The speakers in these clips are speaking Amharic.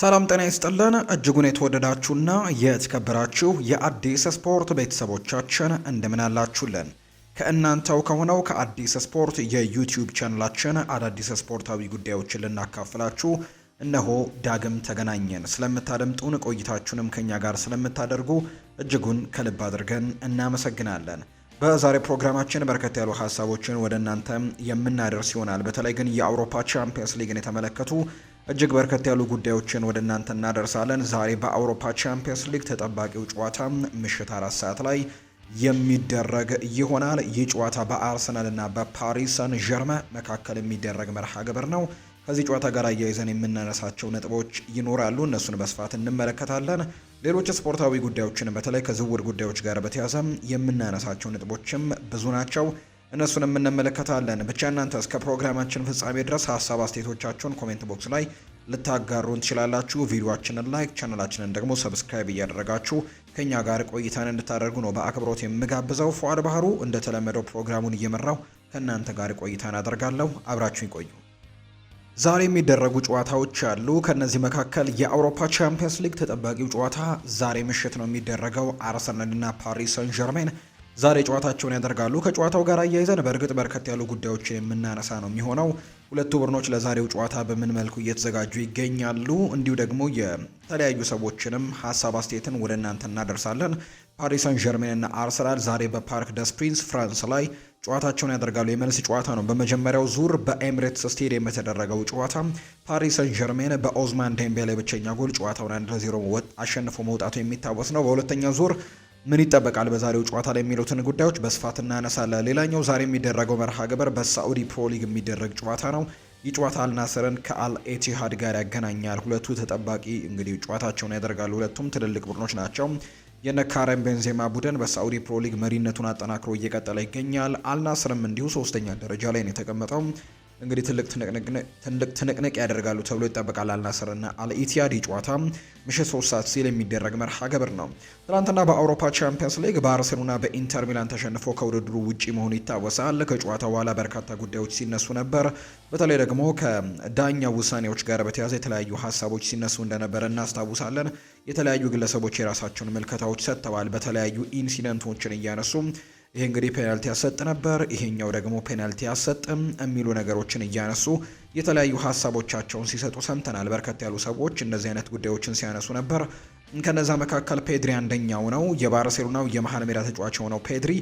ሰላም ጤና ይስጥልን እጅጉን የተወደዳችሁና የተከበራችሁ የአዲስ ስፖርት ቤተሰቦቻችን እንደምን አላችሁልን? ከእናንተው ከሆነው ከአዲስ ስፖርት የዩቲዩብ ቻናላችን አዳዲስ ስፖርታዊ ጉዳዮችን ልናካፍላችሁ እነሆ ዳግም ተገናኘን። ስለምታደምጡን ቆይታችሁንም ከኛ ጋር ስለምታደርጉ እጅጉን ከልብ አድርገን እናመሰግናለን። በዛሬ ፕሮግራማችን በርከት ያሉ ሀሳቦችን ወደ እናንተ የምናደርስ ይሆናል። በተለይ ግን የአውሮፓ ቻምፒየንስ ሊግን የተመለከቱ እጅግ በርከት ያሉ ጉዳዮችን ወደ እናንተ እናደርሳለን። ዛሬ በአውሮፓ ቻምፒየንስ ሊግ ተጠባቂው ጨዋታ ምሽት አራት ሰዓት ላይ የሚደረግ ይሆናል። ይህ ጨዋታ በአርሰናል እና በፓሪስ ሰን ዠርመ መካከል የሚደረግ መርሃ ግብር ነው። ከዚህ ጨዋታ ጋር አያይዘን የምናነሳቸው ነጥቦች ይኖራሉ። እነሱን በስፋት እንመለከታለን። ሌሎች ስፖርታዊ ጉዳዮችን በተለይ ከዝውውር ጉዳዮች ጋር በተያያዘ የምናነሳቸው ነጥቦችም ብዙ ናቸው። እነሱንም እንመለከታለን። ብቻ እናንተ እስከ ፕሮግራማችን ፍጻሜ ድረስ ሀሳብ አስተያየቶቻችሁን ኮሜንት ቦክስ ላይ ልታጋሩን ትችላላችሁ። ቪዲዮችንን ላይክ፣ ቻናላችንን ደግሞ ሰብስክራይብ እያደረጋችሁ ከኛ ጋር ቆይታን እንድታደርጉ ነው በአክብሮት የምጋብዘው። ፉአድ ባህሩ እንደተለመደው ፕሮግራሙን እየመራው ከእናንተ ጋር ቆይታን አደርጋለሁ። አብራችሁ ይቆዩ። ዛሬ የሚደረጉ ጨዋታዎች አሉ። ከነዚህ መካከል የአውሮፓ ቻምፒየንስ ሊግ ተጠባቂው ጨዋታ ዛሬ ምሽት ነው የሚደረገው። አርሰናልና ፓሪስ ሰን ጀርሜን ዛሬ ጨዋታቸውን ያደርጋሉ። ከጨዋታው ጋር አያይዘን በእርግጥ በርከት ያሉ ጉዳዮችን የምናነሳ ነው የሚሆነው። ሁለቱ ቡድኖች ለዛሬው ጨዋታ በምን መልኩ እየተዘጋጁ ይገኛሉ፣ እንዲሁ ደግሞ የተለያዩ ሰዎችንም ሀሳብ አስተያየትን ወደ እናንተ እናደርሳለን። ፓሪስ ሰን ዠርሜን እና አርሰናል ዛሬ በፓርክ ደስ ፕሪንስ ፍራንስ ላይ ጨዋታቸውን ያደርጋሉ። የመልስ ጨዋታ ነው። በመጀመሪያው ዙር በኤምሬትስ ስቴዲየም የተደረገው ጨዋታ ፓሪስ ሰን ዠርሜን በኦዝማን ዴምቤሌ ብቸኛ ጎል ጨዋታውን አንድ ለዜሮ አሸንፎ መውጣቱ የሚታወስ ነው። በሁለተኛ ዙር ምን ይጠበቃል በዛሬው ጨዋታ ላይ የሚሉትን ጉዳዮች በስፋት እናነሳለን። ሌላኛው ዛሬ የሚደረገው መርሃ ግብር በሳዑዲ ፕሮሊግ የሚደረግ ጨዋታ ነው። ይህ ጨዋታ አልናስርን ከአልኤቲሃድ ጋር ያገናኛል። ሁለቱ ተጠባቂ እንግዲህ ጨዋታቸውን ያደርጋሉ። ሁለቱም ትልልቅ ቡድኖች ናቸው። የነ ካረም ቤንዜማ ቡድን በሳዑዲ ፕሮሊግ ሊግ መሪነቱን አጠናክሮ እየቀጠለ ይገኛል። አልናስርም እንዲሁ ሶስተኛ ደረጃ ላይ ነው የተቀመጠው እንግዲህ ትልቅ ትንቅንቅ ያደርጋሉ ተብሎ ይጠበቃል። አልናስርና አልኢቲያዲ ጨዋታ ምሽት ሶስት ሰዓት ሲል የሚደረግ መርሃ ግብር ነው። ትናንትና በአውሮፓ ቻምፒየንስ ሊግ ባርሴሎና በኢንተር ሚላን ተሸንፎ ከውድድሩ ውጪ መሆኑ ይታወሳል። ከጨዋታ በኋላ በርካታ ጉዳዮች ሲነሱ ነበር። በተለይ ደግሞ ከዳኛ ውሳኔዎች ጋር በተያያዘ የተለያዩ ሀሳቦች ሲነሱ እንደነበረ እናስታውሳለን። የተለያዩ ግለሰቦች የራሳቸውን ምልከታዎች ሰጥተዋል። በተለያዩ ኢንሲደንቶችን እያነሱ ይሄ እንግዲህ ፔናልቲ ያሰጥ ነበር፣ ይሄኛው ደግሞ ፔናልቲ አሰጥም የሚሉ ነገሮችን እያነሱ የተለያዩ ሀሳቦቻቸውን ሲሰጡ ሰምተናል። በርከት ያሉ ሰዎች እነዚህ አይነት ጉዳዮችን ሲያነሱ ነበር። ከነዛ መካከል ፔድሪ አንደኛው ነው። የባርሴሎናው የመሀል ሜዳ ተጫዋች የሆነው ፔድሪ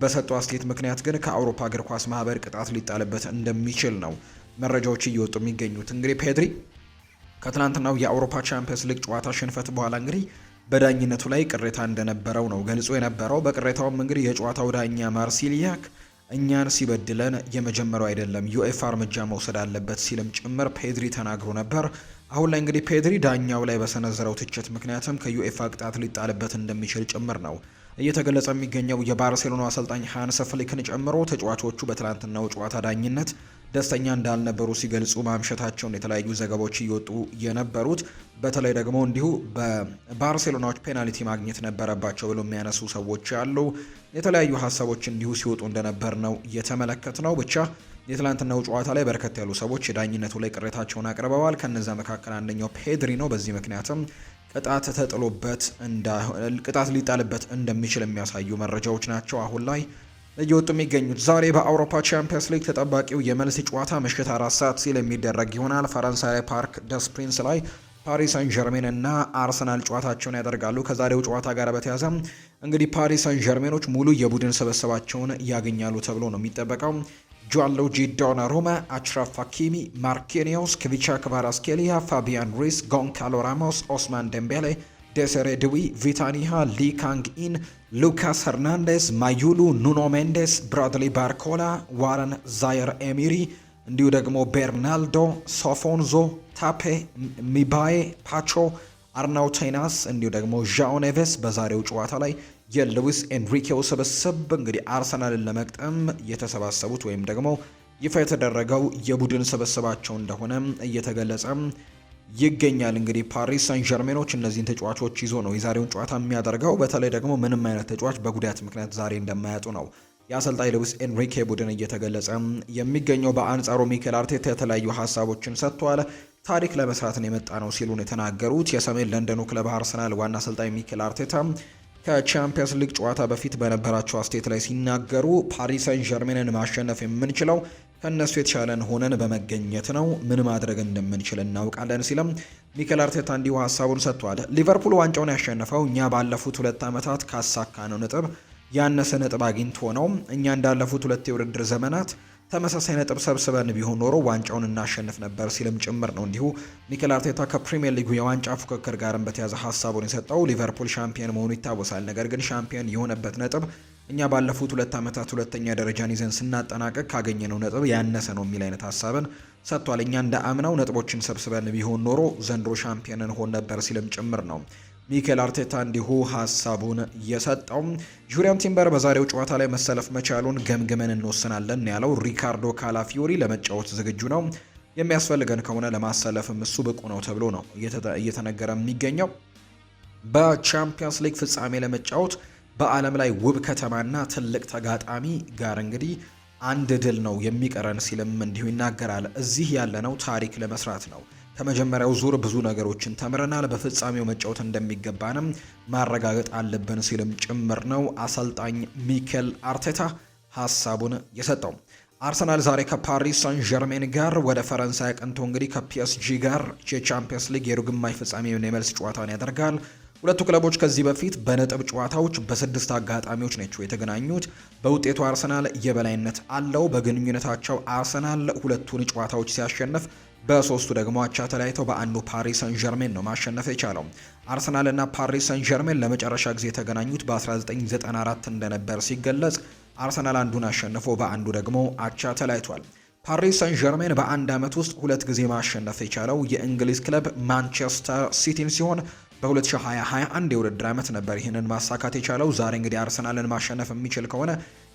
በሰጠው አስተያየት ምክንያት ግን ከአውሮፓ እግር ኳስ ማህበር ቅጣት ሊጣልበት እንደሚችል ነው መረጃዎች እየወጡ የሚገኙት። እንግዲህ ፔድሪ ከትናንትናው የአውሮፓ ቻምፒየንስ ሊግ ጨዋታ ሽንፈት በኋላ እንግዲህ በዳኝነቱ ላይ ቅሬታ እንደነበረው ነው ገልጾ የነበረው። በቅሬታውም እንግዲህ የጨዋታው ዳኛ ማርሲሊያክ እኛን ሲበድለን የመጀመሪያው አይደለም ዩኤፋ እርምጃ መውሰድ አለበት ሲልም ጭምር ፔድሪ ተናግሮ ነበር። አሁን ላይ እንግዲህ ፔድሪ ዳኛው ላይ በሰነዘረው ትችት ምክንያትም ከዩኤፋ ቅጣት ሊጣልበት እንደሚችል ጭምር ነው እየተገለጸ የሚገኘው። የባርሴሎና አሰልጣኝ ሃንስ ፍሊክን ጨምሮ ተጫዋቾቹ በትላንትናው ጨዋታ ዳኝነት ደስተኛ እንዳልነበሩ ሲገልጹ ማምሸታቸውን የተለያዩ ዘገባዎች እየወጡ የነበሩት በተለይ ደግሞ እንዲሁ በባርሴሎናዎች ፔናልቲ ማግኘት ነበረባቸው ብሎ የሚያነሱ ሰዎች አሉ። የተለያዩ ሀሳቦች እንዲሁ ሲወጡ እንደነበር ነው እየተመለከት ነው። ብቻ የትላንትናው ጨዋታ ላይ በርከት ያሉ ሰዎች የዳኝነቱ ላይ ቅሬታቸውን አቅርበዋል። ከነዛ መካከል አንደኛው ፔድሪ ነው። በዚህ ምክንያትም ቅጣት ተጥሎበት ቅጣት ሊጣልበት እንደሚችል የሚያሳዩ መረጃዎች ናቸው አሁን ላይ እየወጡ የሚገኙት። ዛሬ በአውሮፓ ቻምፒየንስ ሊግ ተጠባቂው የመልስ ጨዋታ ምሽት አራት ሰዓት ሲል የሚደረግ ይሆናል። ፈረንሳይ ፓርክ ደስ ፕሪንስ ላይ ፓሪስ ሳን ጀርሜን እና አርሰናል ጨዋታቸውን ያደርጋሉ። ከዛሬው ጨዋታ ጋር በተያያዘ እንግዲህ ፓሪስ ሳን ጀርሜኖች ሙሉ የቡድን ስብስባቸውን ያገኛሉ ተብሎ ነው የሚጠበቀው። ጆአንሉጂ ዶናሩማ፣ አችራፍ ሀኪሚ፣ ማርኪኒዮስ፣ ክቪቻ ክቫራስኬሊያ፣ ፋቢያን ሩይስ፣ ጎንካሎ ራሞስ፣ ኦስማን ደምቤሌ ደሰሬ ድዊ፣ ቪታኒሃ፣ ሊካንግ ኢን፣ ሉካስ ሄርናንዴስ፣ ማዩሉ፣ ኑኖ ሜንዴስ፣ ብራድሊ ባርኮላ፣ ዋረን ዛየር ኤሚሪ እንዲሁ ደግሞ ቤርናልዶ፣ ሶፎንዞ፣ ታፔ፣ ሚባዬ፣ ፓቾ፣ አርናውቴናስ እንዲሁ ደግሞ ዣኦ ኔቬስ በዛሬው ጨዋታ ላይ የሉዊስ ኤንሪኬው ስብስብ እንግዲህ አርሰናልን ለመቅጠም የተሰባሰቡት ወይም ደግሞ ይፋ የተደረገው የቡድን ስብስባቸው እንደሆነ እየተገለጸ ይገኛል። እንግዲህ ፓሪስ ሳን ጀርሜኖች እነዚህን ተጫዋቾች ይዞ ነው የዛሬውን ጨዋታ የሚያደርገው። በተለይ ደግሞ ምንም አይነት ተጫዋች በጉዳት ምክንያት ዛሬ እንደማያጡ ነው የአሰልጣኝ ልብስ ኤንሪኬ ቡድን እየተገለጸ የሚገኘው። በአንጻሩ ሚኬል አርቴታ የተለያዩ ሀሳቦችን ሰጥቷል። ታሪክ ለመስራትን የመጣ ነው ሲሉን የተናገሩት የሰሜን ለንደኑ ክለብ አርሰናል ዋና አሰልጣኝ ሚኬል አርቴታ ከቻምፒየንስ ሊግ ጨዋታ በፊት በነበራቸው አስተያየት ላይ ሲናገሩ ፓሪስ ሳን ጀርሜንን ማሸነፍ የምንችለው ከእነሱ የተሻለን ሆነን በመገኘት ነው ምን ማድረግ እንደምንችል እናውቃለን ሲለም ሚኬል አርቴታ እንዲሁ ሀሳቡን ሰጥቷል። ሊቨርፑል ዋንጫውን ያሸነፈው እኛ ባለፉት ሁለት ዓመታት ካሳካነው ነጥብ ያነሰ ነጥብ አግኝቶ ነው። እኛ እንዳለፉት ሁለት የውድድር ዘመናት ተመሳሳይ ነጥብ ሰብስበን ቢሆን ኖሮ ዋንጫውን እናሸንፍ ነበር ሲልም ጭምር ነው እንዲሁ ሚኬል አርቴታ ከፕሪሚየር ሊጉ የዋንጫ ፉክክር ጋርም በተያዘ ሀሳቡን የሰጠው። ሊቨርፑል ሻምፒየን መሆኑ ይታወሳል። ነገር ግን ሻምፒየን የሆነበት ነጥብ እኛ ባለፉት ሁለት ዓመታት ሁለተኛ ደረጃን ይዘን ስናጠናቀቅ ካገኘነው ነጥብ ያነሰ ነው የሚል አይነት ሀሳብን ሰጥቷል። እኛ እንደ አምናው ነጥቦችን ሰብስበን ቢሆን ኖሮ ዘንድሮ ሻምፒዮን እንሆን ነበር ሲልም ጭምር ነው ሚኬል አርቴታ እንዲሁ ሀሳቡን የሰጠው። ጁሪያን ቲምበር በዛሬው ጨዋታ ላይ መሰለፍ መቻሉን ገምግመን እንወስናለን ያለው ሪካርዶ ካላፊዮሪ ለመጫወት ዝግጁ ነው፣ የሚያስፈልገን ከሆነ ለማሰለፍም እሱ ብቁ ነው ተብሎ ነው እየተነገረ የሚገኘው በቻምፒየንስ ሊግ ፍጻሜ ለመጫወት በዓለም ላይ ውብ ከተማና ትልቅ ተጋጣሚ ጋር እንግዲህ አንድ ድል ነው የሚቀረን ሲልም እንዲሁ ይናገራል። እዚህ ያለነው ታሪክ ለመስራት ነው። ከመጀመሪያው ዙር ብዙ ነገሮችን ተምረናል። በፍጻሜው መጫወት እንደሚገባንም ማረጋገጥ አለብን ሲልም ጭምር ነው አሰልጣኝ ሚኬል አርቴታ ሀሳቡን የሰጠው። አርሰናል ዛሬ ከፓሪስ ሳን ጀርሜን ጋር ወደ ፈረንሳይ አቅንቶ እንግዲህ ከፒኤስጂ ጋር የቻምፒየንስ ሊግ የሩብ ግማሽ ፍጻሜ የመልስ ጨዋታን ያደርጋል። ሁለቱ ክለቦች ከዚህ በፊት በነጥብ ጨዋታዎች በስድስት አጋጣሚዎች ናቸው የተገናኙት። በውጤቱ አርሰናል የበላይነት አለው። በግንኙነታቸው አርሰናል ሁለቱን ጨዋታዎች ሲያሸንፍ በሶስቱ ደግሞ አቻ ተለያይተው በአንዱ ፓሪስ ሰን ጀርሜን ነው ማሸነፍ የቻለው። አርሰናልና ፓሪስ ሰን ጀርሜን ለመጨረሻ ጊዜ የተገናኙት በ1994 እንደነበር ሲገለጽ አርሰናል አንዱን አሸንፎ በአንዱ ደግሞ አቻ ተለያይቷል። ፓሪስ ሰን ጀርሜን በአንድ ዓመት ውስጥ ሁለት ጊዜ ማሸነፍ የቻለው የእንግሊዝ ክለብ ማንቸስተር ሲቲን ሲሆን በ2020-21 የውድድር ዓመት ነበር ይህንን ማሳካት የቻለው። ዛሬ እንግዲህ አርሰናልን ማሸነፍ የሚችል ከሆነ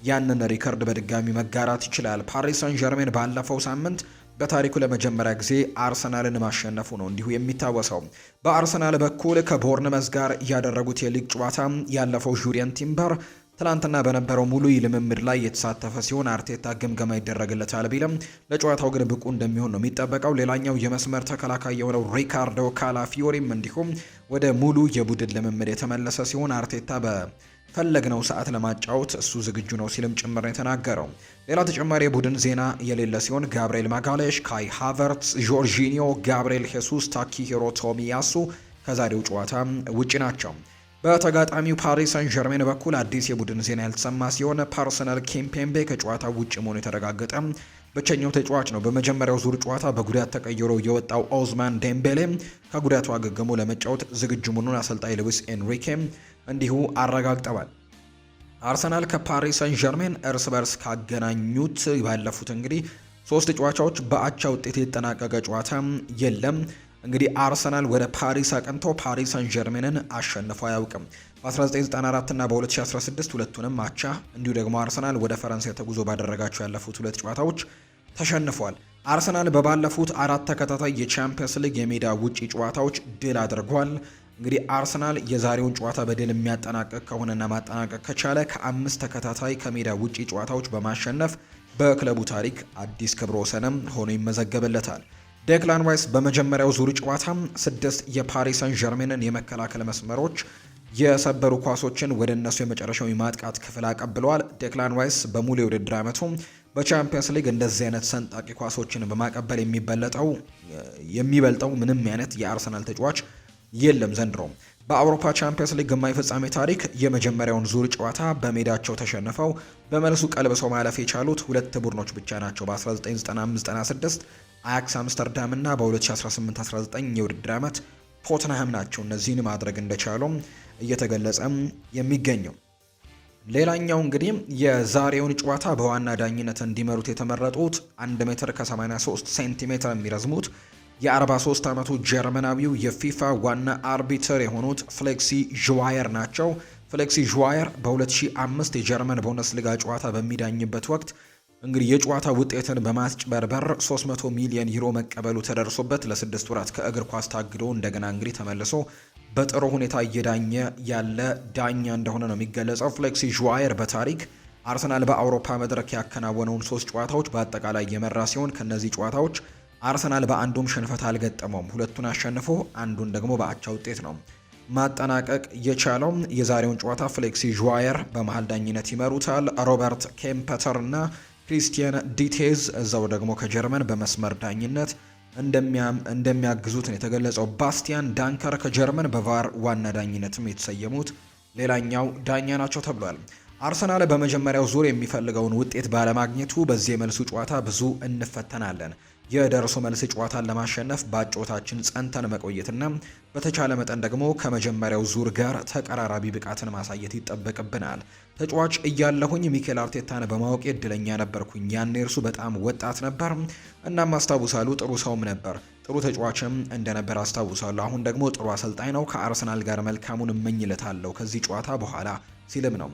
ያንን ሪከርድ በድጋሚ መጋራት ይችላል። ፓሪስ ሳን ጀርሜን ባለፈው ሳምንት በታሪኩ ለመጀመሪያ ጊዜ አርሰናልን ማሸነፉ ነው እንዲሁ የሚታወሰው። በአርሰናል በኩል ከቦርንመዝ ጋር ያደረጉት የሊግ ጨዋታ ያለፈው ጁሪየን ቲምበር ትላንትና በነበረው ሙሉ ልምምድ ላይ የተሳተፈ ሲሆን አርቴታ ግምገማ ይደረግለታል ቢለም ለጨዋታው ግን ብቁ እንደሚሆን ነው የሚጠበቀው። ሌላኛው የመስመር ተከላካይ የሆነው ሪካርዶ ካላፊዮሪም እንዲሁም ወደ ሙሉ የቡድን ልምምድ የተመለሰ ሲሆን አርቴታ በፈለግነው ሰዓት ለማጫወት እሱ ዝግጁ ነው ሲልም ጭምር የተናገረው። ሌላ ተጨማሪ የቡድን ዜና የሌለ ሲሆን ጋብርኤል ማጋሌሽ፣ ካይ ሃቨርትስ፣ ጆርጂኒዮ፣ ጋብርኤል ሄሱስ፣ ታኪሂሮ ቶሚያሱ ከዛሬው ጨዋታ ውጪ ናቸው። በተጋጣሚው ፓሪስ ሰን ዠርሜን በኩል አዲስ የቡድን ዜና ያልተሰማ ሲሆን ፓርሰናል ኬምፔምቤ ከጨዋታ ውጭ መሆኑ የተረጋገጠ ብቸኛው ተጫዋች ነው። በመጀመሪያው ዙር ጨዋታ በጉዳት ተቀይሮ የወጣው ኦዝማን ዴምቤሌ ከጉዳቱ አገግሞ ለመጫወት ዝግጁ መሆኑን አሰልጣኝ ሉዊስ ኤንሪኬ እንዲሁ አረጋግጠዋል። አርሰናል ከፓሪስ ሳን ዠርሜን እርስ በርስ ካገናኙት ባለፉት እንግዲህ ሶስት ጨዋታዎች በአቻ ውጤት የተጠናቀቀ ጨዋታ የለም። እንግዲህ አርሰናል ወደ ፓሪስ አቅንቶ ፓሪስ ሳን ጀርሜንን አሸንፎ አያውቅም። በ1994 እና በ2016 ሁለቱንም አቻ፣ እንዲሁ ደግሞ አርሰናል ወደ ፈረንሳይ ተጉዞ ባደረጋቸው ያለፉት ሁለት ጨዋታዎች ተሸንፏል። አርሰናል በባለፉት አራት ተከታታይ የቻምፒየንስ ሊግ የሜዳ ውጪ ጨዋታዎች ድል አድርጓል። እንግዲህ አርሰናል የዛሬውን ጨዋታ በድል የሚያጠናቅቅ ከሆነና ማጠናቀቅ ከቻለ ከአምስት ተከታታይ ከሜዳ ውጪ ጨዋታዎች በማሸነፍ በክለቡ ታሪክ አዲስ ክብረ ወሰንም ሆኖ ይመዘገብለታል። ዴክላን ራይስ በመጀመሪያው ዙር ጨዋታ ስድስት የፓሪስ ሰን ዠርሜንን የመከላከል መስመሮች የሰበሩ ኳሶችን ወደ እነሱ የመጨረሻው የማጥቃት ክፍል አቀብለዋል። ዴክላን ራይስ በሙሉ የውድድር ዓመቱ በቻምፒየንስ ሊግ እንደዚህ አይነት ሰንጣቂ ኳሶችን በማቀበል የሚበለጠው የሚበልጠው ምንም አይነት የአርሰናል ተጫዋች የለም ዘንድሮ። በአውሮፓ ቻምፒየንስ ሊግ ግማሽ ፍጻሜ ታሪክ የመጀመሪያውን ዙር ጨዋታ በሜዳቸው ተሸንፈው በመልሱ ቀልብሰው ማለፍ የቻሉት ሁለት ቡድኖች ብቻ ናቸው። በ1995/96 አያክስ አምስተርዳም እና በ2018-19 የውድድር ዓመት ቶትናህም ናቸው እነዚህን ማድረግ እንደቻሉም እየተገለጸ የሚገኘው። ሌላኛው እንግዲህ የዛሬውን ጨዋታ በዋና ዳኝነት እንዲመሩት የተመረጡት 1 ሜትር ከ83 ሴንቲሜትር የሚረዝሙት የ43 ዓመቱ ጀርመናዊው የፊፋ ዋና አርቢትር የሆኑት ፍሌክሲ ዥዋየር ናቸው። ፍሌክሲ ዥዋየር በ2005 የጀርመን ቡንደስሊጋ ጨዋታ በሚዳኝበት ወቅት እንግዲህ የጨዋታ ውጤትን በማስጭበርበር 300 ሚሊዮን ዩሮ መቀበሉ ተደርሶበት ለስድስት ወራት ከእግር ኳስ ታግዶ እንደገና እንግዲህ ተመልሶ በጥሩ ሁኔታ እየዳኘ ያለ ዳኛ እንደሆነ ነው የሚገለጸው። ፍሌክሲ ዥዋየር በታሪክ አርሰናል በአውሮፓ መድረክ ያከናወነውን ሶስት ጨዋታዎች በአጠቃላይ የመራ ሲሆን ከነዚህ ጨዋታዎች አርሰናል በአንዱም ሽንፈት አልገጠመውም። ሁለቱን አሸንፎ አንዱን ደግሞ በአቻ ውጤት ነው ማጠናቀቅ የቻለው። የዛሬውን ጨዋታ ፍሌክሲ ዥዋየር በመሀል ዳኝነት ይመሩታል። ሮበርት ኬምፐተር እና ክሪስቲያን ዲቴዝ እዛው ደግሞ ከጀርመን በመስመር ዳኝነት እንደሚያግዙት ነው የተገለጸው። ባስቲያን ዳንከር ከጀርመን በቫር ዋና ዳኝነትም የተሰየሙት ሌላኛው ዳኛ ናቸው ተብሏል። አርሰናል በመጀመሪያው ዙር የሚፈልገውን ውጤት ባለማግኘቱ በዚህ የመልሱ ጨዋታ ብዙ እንፈተናለን የደርሶ መልስ ጨዋታን ለማሸነፍ በአጮታችን ጸንተን መቆየትና በተቻለ መጠን ደግሞ ከመጀመሪያው ዙር ጋር ተቀራራቢ ብቃትን ማሳየት ይጠበቅብናል። ተጫዋች እያለሁኝ ሚኬል አርቴታን በማወቅ እድለኛ ነበርኩኝ። ያኔ እርሱ በጣም ወጣት ነበር። እናም አስታውሳሉ ጥሩ ሰውም ነበር፣ ጥሩ ተጫዋችም እንደነበር አስታውሳሉ። አሁን ደግሞ ጥሩ አሰልጣኝ ነው። ከአርሰናል ጋር መልካሙን እመኝለታለሁ ከዚህ ጨዋታ በኋላ ሲልም ነው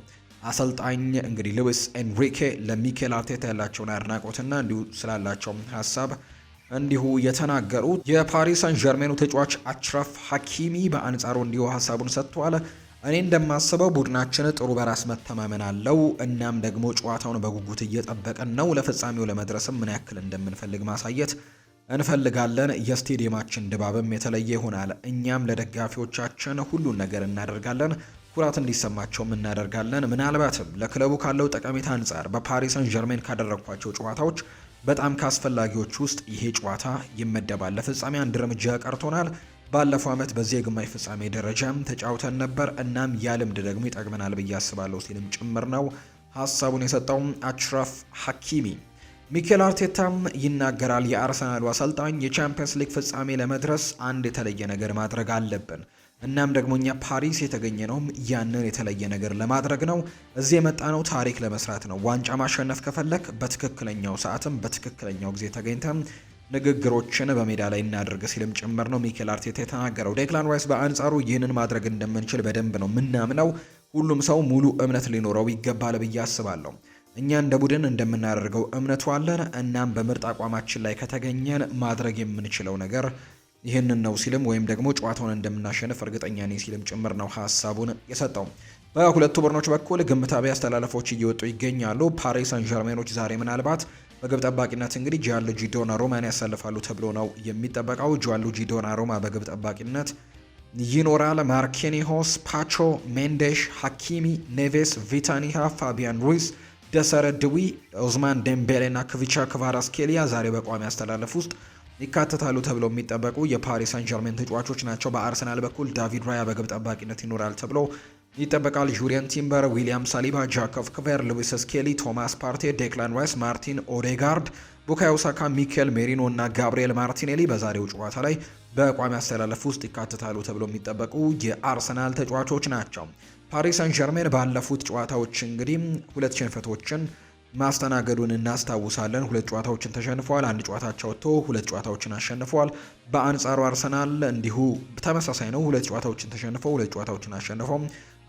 አሰልጣኝ እንግዲህ ሉዊስ ኤንሪኬ ለሚኬል አርቴታ ያላቸውን አድናቆትና እንዲሁ ስላላቸው ሀሳብ እንዲሁ የተናገሩት የፓሪስ ሳን ዠርሜኑ ተጫዋች አችራፍ ሀኪሚ በአንጻሩ እንዲሁ ሀሳቡን ሰጥቷል። እኔ እንደማስበው ቡድናችን ጥሩ በራስ መተማመን አለው። እናም ደግሞ ጨዋታውን በጉጉት እየጠበቀን ነው። ለፍጻሜው ለመድረስም ምን ያክል እንደምንፈልግ ማሳየት እንፈልጋለን። የስቴዲየማችን ድባብም የተለየ ይሆናል። እኛም ለደጋፊዎቻችን ሁሉን ነገር እናደርጋለን። ኩራት እንዲሰማቸውም እናደርጋለን። ምናልባትም ለክለቡ ካለው ጠቀሜታ አንጻር በፓሪስ ሰን ጀርሜን ካደረግኳቸው ጨዋታዎች በጣም ከአስፈላጊዎች ውስጥ ይሄ ጨዋታ ይመደባል። ለፍጻሜ አንድ እርምጃ ቀርቶናል። ባለፈው ዓመት በዚህ የግማሽ ፍጻሜ ደረጃም ተጫውተን ነበር። እናም ያ ልምድ ደግሞ ይጠቅመናል ብዬ አስባለሁ ሲልም ጭምር ነው ሀሳቡን የሰጠው አሽራፍ ሀኪሚ። ሚኬል አርቴታም ይናገራል። የአርሰናሉ አሰልጣኝ የቻምፒየንስ ሊግ ፍጻሜ ለመድረስ አንድ የተለየ ነገር ማድረግ አለብን እናም ደግሞ እኛ ፓሪስ የተገኘ ነውም ያንን የተለየ ነገር ለማድረግ ነው። እዚህ የመጣ ነው ታሪክ ለመስራት ነው። ዋንጫ ማሸነፍ ከፈለክ በትክክለኛው ሰዓትም በትክክለኛው ጊዜ ተገኝተም ንግግሮችን በሜዳ ላይ እናደርግ ሲልም ጭምር ነው ሚኬል አርቴታ የተናገረው። ዴክላን ራይስ በአንጻሩ ይህንን ማድረግ እንደምንችል በደንብ ነው ምናምነው። ሁሉም ሰው ሙሉ እምነት ሊኖረው ይገባል ብዬ አስባለሁ። እኛ እንደ ቡድን እንደምናደርገው እምነቱ አለን። እናም በምርጥ አቋማችን ላይ ከተገኘን ማድረግ የምንችለው ነገር ይህንን ነው ሲልም ወይም ደግሞ ጨዋታውን እንደምናሸንፍ እርግጠኛ ነኝ ሲልም ጭምር ነው ሀሳቡን የሰጠው። በሁለቱ ቡድኖች በኩል ግምታዊ አስተላለፎች እየወጡ ይገኛሉ። ፓሪስ ሳን ዠርሜኖች ዛሬ ምናልባት በግብ ጠባቂነት እንግዲህ ጂያንሉጂ ዶና ሮማን ያሳልፋሉ ተብሎ ነው የሚጠበቀው። ጂያንሉጂ ዶና ሮማ በግብ ጠባቂነት ይኖራል። ማርኬኒሆስ፣ ፓቾ፣ ሜንዴሽ፣ ሐኪሚ፣ ኔቬስ፣ ቪታኒሃ፣ ፋቢያን ሩይስ ደሰረ ድዊ ኦዝማን ዴምቤሌ ና ክቪቻ ክቫራስኬሊያ ዛሬ በቋሚ አስተላለፍ ውስጥ ይካተታሉ ተብሎ የሚጠበቁ የፓሪስ ሳን ጀርሜን ተጫዋቾች ናቸው። በአርሰናል በኩል ዳቪድ ራያ በግብ ጠባቂነት ይኖራል ተብሎ ይጠበቃል። ዩሪየን ቲምበር፣ ዊሊያም ሳሊባ፣ ጃኮቭ ክቨር፣ ሉዊስ ስኬሊ፣ ቶማስ ፓርቴ፣ ዴክላን ራይስ፣ ማርቲን ኦዴጋርድ፣ ቡካዮ ሳካ፣ ሚኬል ሜሪኖ እና ጋብርኤል ማርቲኔሊ በዛሬው ጨዋታ ላይ በቋሚ አስተላለፍ ውስጥ ይካተታሉ ተብሎ የሚጠበቁ የአርሰናል ተጫዋቾች ናቸው። ፓሪስ ሳን ጀርሜን ባለፉት ጨዋታዎች እንግዲህ ሁለት ሽንፈቶችን ማስተናገዱን እናስታውሳለን። ሁለት ጨዋታዎችን ተሸንፈዋል አንድ ጨዋታቸው ወጥቶ ሁለት ጨዋታዎችን አሸንፈዋል። በአንጻሩ አርሰናል እንዲሁ ተመሳሳይ ነው። ሁለት ጨዋታዎችን ተሸንፈ ሁለት ጨዋታዎችን አሸንፈው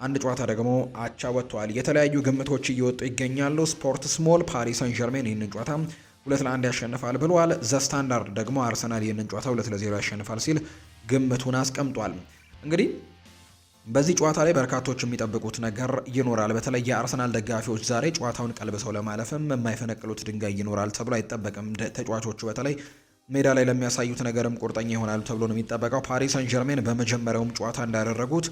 አንድ ጨዋታ ደግሞ አቻ ወጥቷል። የተለያዩ ግምቶች እየወጡ ይገኛሉ። ስፖርት ስሞል ፓሪስ ሰን ዠርሜን ይህንን ጨዋታ ሁለት ለአንድ ያሸንፋል ብሏል። ዘ ስታንዳርድ ደግሞ አርሰናል ይህንን ጨዋታ ሁለት ለዜሮ ያሸንፋል ሲል ግምቱን አስቀምጧል። እንግዲህ በዚህ ጨዋታ ላይ በርካቶች የሚጠብቁት ነገር ይኖራል። በተለይ የአርሰናል ደጋፊዎች ዛሬ ጨዋታውን ቀልብሰው ለማለፍም የማይፈነቅሉት ድንጋይ ይኖራል ተብሎ አይጠበቅም። ተጫዋቾቹ በተለይ ሜዳ ላይ ለሚያሳዩት ነገርም ቁርጠኛ ይሆናሉ ተብሎ ነው የሚጠበቀው። ፓሪስ ሰን ጀርሜን በመጀመሪያውም ጨዋታ እንዳደረጉት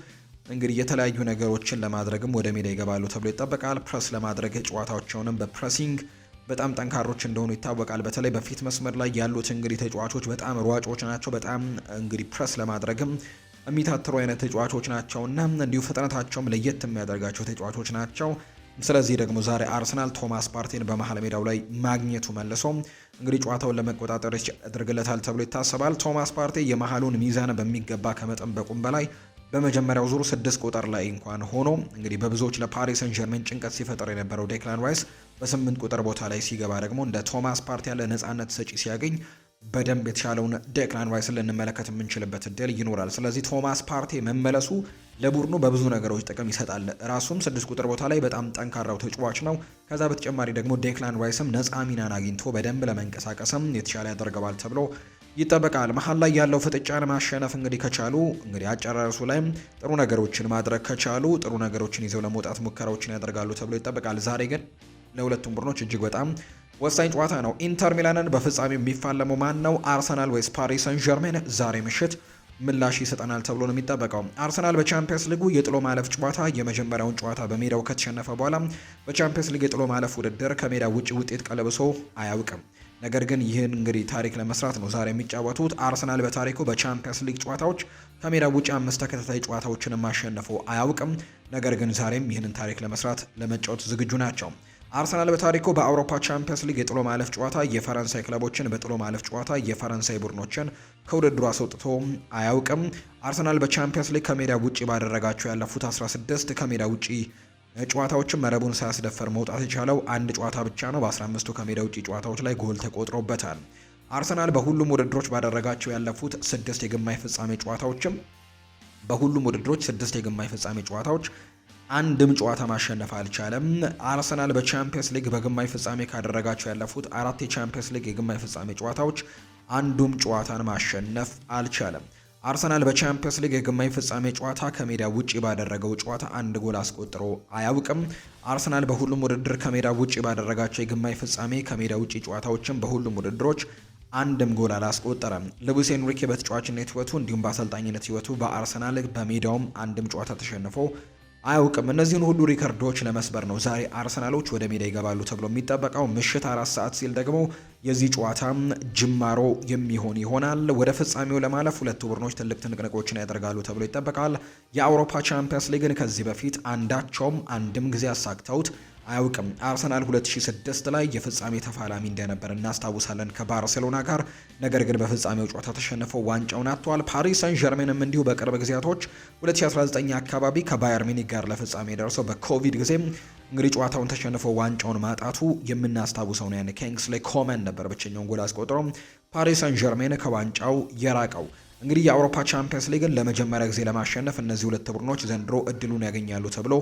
እንግዲህ የተለያዩ ነገሮችን ለማድረግም ወደ ሜዳ ይገባሉ ተብሎ ይጠበቃል። ፕረስ ለማድረግ ጨዋታቸውንም በፕረሲንግ በጣም ጠንካሮች እንደሆኑ ይታወቃል። በተለይ በፊት መስመር ላይ ያሉት እንግዲህ ተጫዋቾች በጣም ሯጮች ናቸው። በጣም እንግዲህ ፕረስ ለማድረግም የሚታትሩ አይነት ተጫዋቾች እና እንዲሁ ፍጥነታቸውም ለየት የሚያደርጋቸው ተጫዋቾች ናቸው። ስለዚህ ደግሞ ዛሬ አርሰናል ቶማስ ፓርቲን በመሀል ሜዳው ላይ ማግኘቱ መልሶ እንግዲህ ጨዋታውን ለመቆጣጠር ያደርግለታል ተብሎ ይታሰባል። ቶማስ ፓርቲ የመሀሉን ሚዛን በሚገባ ከመጠበቁም በላይ በመጀመሪያው ዙር ስድስት ቁጥር ላይ እንኳን ሆኖ እንግዲህ በብዙዎች ለፓሪስ ጀርሜን ጭንቀት ሲፈጠር የነበረው ዴክላን ራይስ በስምንት ቁጥር ቦታ ላይ ሲገባ ደግሞ እንደ ቶማስ ፓርቲ ያለ ነጻነት ሰጪ ሲያገኝ በደንብ የተሻለውን ዴክላን ራይስን ልንመለከት የምንችልበት እድል ይኖራል። ስለዚህ ቶማስ ፓርቴ መመለሱ ለቡድኑ በብዙ ነገሮች ጥቅም ይሰጣል። ራሱም ስድስት ቁጥር ቦታ ላይ በጣም ጠንካራው ተጫዋች ነው። ከዛ በተጨማሪ ደግሞ ዴክላን ራይስም ነፃ ሚናን አግኝቶ በደንብ ለመንቀሳቀስም የተሻለ ያደርገዋል ተብሎ ይጠበቃል። መሀል ላይ ያለው ፍጥጫን ማሸነፍ እንግዲህ ከቻሉ እንግዲህ አጨራረሱ ላይም ጥሩ ነገሮችን ማድረግ ከቻሉ ጥሩ ነገሮችን ይዘው ለመውጣት ሙከራዎችን ያደርጋሉ ተብሎ ይጠበቃል። ዛሬ ግን ለሁለቱም ቡድኖች እጅግ በጣም ወሳኝ ጨዋታ ነው። ኢንተር ሚላንን በፍጻሜ የሚፋለመው ማን ነው? አርሰናል ወይስ ፓሪስ ሰን ዠርሜን? ዛሬ ምሽት ምላሽ ይሰጠናል ተብሎ ነው የሚጠበቀው። አርሰናል በቻምፒየንስ ሊጉ የጥሎ ማለፍ ጨዋታ የመጀመሪያውን ጨዋታ በሜዳው ከተሸነፈ በኋላ በቻምፒየንስ ሊግ የጥሎ ማለፍ ውድድር ከሜዳ ውጭ ውጤት ቀለብሶ አያውቅም። ነገር ግን ይህን እንግዲህ ታሪክ ለመስራት ነው ዛሬ የሚጫወቱት። አርሰናል በታሪኩ በቻምፒየንስ ሊግ ጨዋታዎች ከሜዳ ውጭ አምስት ተከታታይ ጨዋታዎችን ማሸነፉ አያውቅም። ነገር ግን ዛሬም ይህንን ታሪክ ለመስራት ለመጫወት ዝግጁ ናቸው። አርሰናል በታሪኩ በአውሮፓ ቻምፒየንስ ሊግ የጥሎ ማለፍ ጨዋታ የፈረንሳይ ክለቦችን በጥሎ ማለፍ ጨዋታ የፈረንሳይ ቡድኖችን ከውድድሩ አስወጥቶ አያውቅም። አርሰናል በቻምፒየንስ ሊግ ከሜዳ ውጪ ባደረጋቸው ያለፉት 16 ከሜዳ ውጪ ጨዋታዎችን መረቡን ሳያስደፈር መውጣት የቻለው አንድ ጨዋታ ብቻ ነው። በ15ቱ ከሜዳ ውጪ ጨዋታዎች ላይ ጎል ተቆጥሮበታል። አርሰናል በሁሉም ውድድሮች ባደረጋቸው ያለፉት ስድስት የግማሽ ፍጻሜ ጨዋታዎችም በሁሉም ውድድሮች ስድስት የግማሽ ፍጻሜ ጨዋታዎች አንድም ጨዋታ ማሸነፍ አልቻለም። አርሰናል በቻምፒየንስ ሊግ በግማሽ ፍጻሜ ካደረጋቸው ያለፉት አራት የቻምፒየንስ ሊግ የግማሽ ፍጻሜ ጨዋታዎች አንዱም ጨዋታን ማሸነፍ አልቻለም። አርሰናል በቻምፒየንስ ሊግ የግማሽ ፍጻሜ ጨዋታ ከሜዳ ውጪ ባደረገው ጨዋታ አንድ ጎል አስቆጥሮ አያውቅም። አርሰናል በሁሉም ውድድር ከሜዳ ውጪ ባደረጋቸው የግማሽ ፍጻሜ ከሜዳ ውጪ ጨዋታዎችም በሁሉም ውድድሮች አንድም ጎል አላስቆጠረም። ልቡስ ኤንሪኬ በተጫዋችነት ህይወቱ እንዲሁም በአሰልጣኝነት ህይወቱ በአርሰናል በሜዳውም አንድም ጨዋታ ተሸንፎ አያውቅም። እነዚህን ሁሉ ሪከርዶች ለመስበር ነው ዛሬ አርሰናሎች ወደ ሜዳ ይገባሉ ተብሎ የሚጠበቀው። ምሽት አራት ሰዓት ሲል ደግሞ የዚህ ጨዋታ ጅማሮ የሚሆን ይሆናል። ወደ ፍጻሜው ለማለፍ ሁለቱ ቡድኖች ትልቅ ትንቅንቆችን ያደርጋሉ ተብሎ ይጠበቃል። የአውሮፓ ቻምፒየንስ ሊግን ከዚህ በፊት አንዳቸውም አንድም ጊዜ አሳክተውት አያውቅም። አርሰናል 2006 ላይ የፍጻሜ ተፋላሚ እንደነበር እናስታውሳለን ከባርሴሎና ጋር። ነገር ግን በፍጻሜው ጨዋታ ተሸንፎ ዋንጫውን አጥተዋል። ፓሪስ ሳን ዠርሜንም እንዲሁ በቅርብ ጊዜያቶች 2019 አካባቢ ከባየር ሚኒክ ጋር ለፍጻሜ ደርሰው በኮቪድ ጊዜ እንግዲህ ጨዋታውን ተሸንፎ ዋንጫውን ማጣቱ የምናስታውሰው ነው። ያን ኪንግስሌ ኮመን ነበር ብቸኛውን ጎል አስቆጥሮ ፓሪስ ሳን ዠርሜን ከዋንጫው የራቀው። እንግዲህ የአውሮፓ ቻምፒየንስ ሊግን ለመጀመሪያ ጊዜ ለማሸነፍ እነዚህ ሁለት ቡድኖች ዘንድሮ እድሉን ያገኛሉ ተብሎ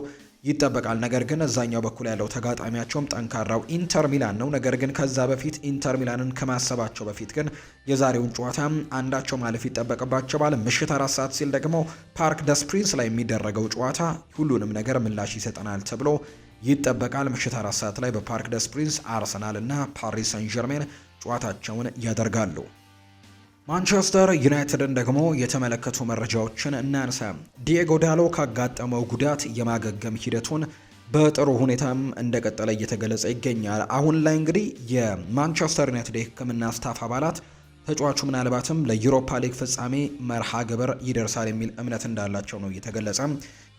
ይጠበቃል። ነገር ግን እዛኛው በኩል ያለው ተጋጣሚያቸውም ጠንካራው ኢንተር ሚላን ነው። ነገር ግን ከዛ በፊት ኢንተር ሚላንን ከማሰባቸው በፊት ግን የዛሬውን ጨዋታ አንዳቸው ማለፍ ይጠበቅባቸዋል። ምሽት አራት ሰዓት ሲል ደግሞ ፓርክ ደስ ፕሪንስ ላይ የሚደረገው ጨዋታ ሁሉንም ነገር ምላሽ ይሰጠናል ተብሎ ይጠበቃል። ምሽት አራት ሰዓት ላይ በፓርክ ደስ ፕሪንስ አርሰናል እና ፓሪስ ሰን ጀርሜን ጨዋታቸውን ያደርጋሉ። ማንቸስተር ዩናይትድን ደግሞ የተመለከቱ መረጃዎችን እናንሳ። ዲኤጎ ዳሎ ካጋጠመው ጉዳት የማገገም ሂደቱን በጥሩ ሁኔታም እንደቀጠለ እየተገለጸ ይገኛል። አሁን ላይ እንግዲህ የማንቸስተር ዩናይትድ የሕክምና ስታፍ አባላት ተጫዋቹ ምናልባትም ለዩሮፓ ሊግ ፍጻሜ መርሃ ግብር ይደርሳል የሚል እምነት እንዳላቸው ነው እየተገለጸ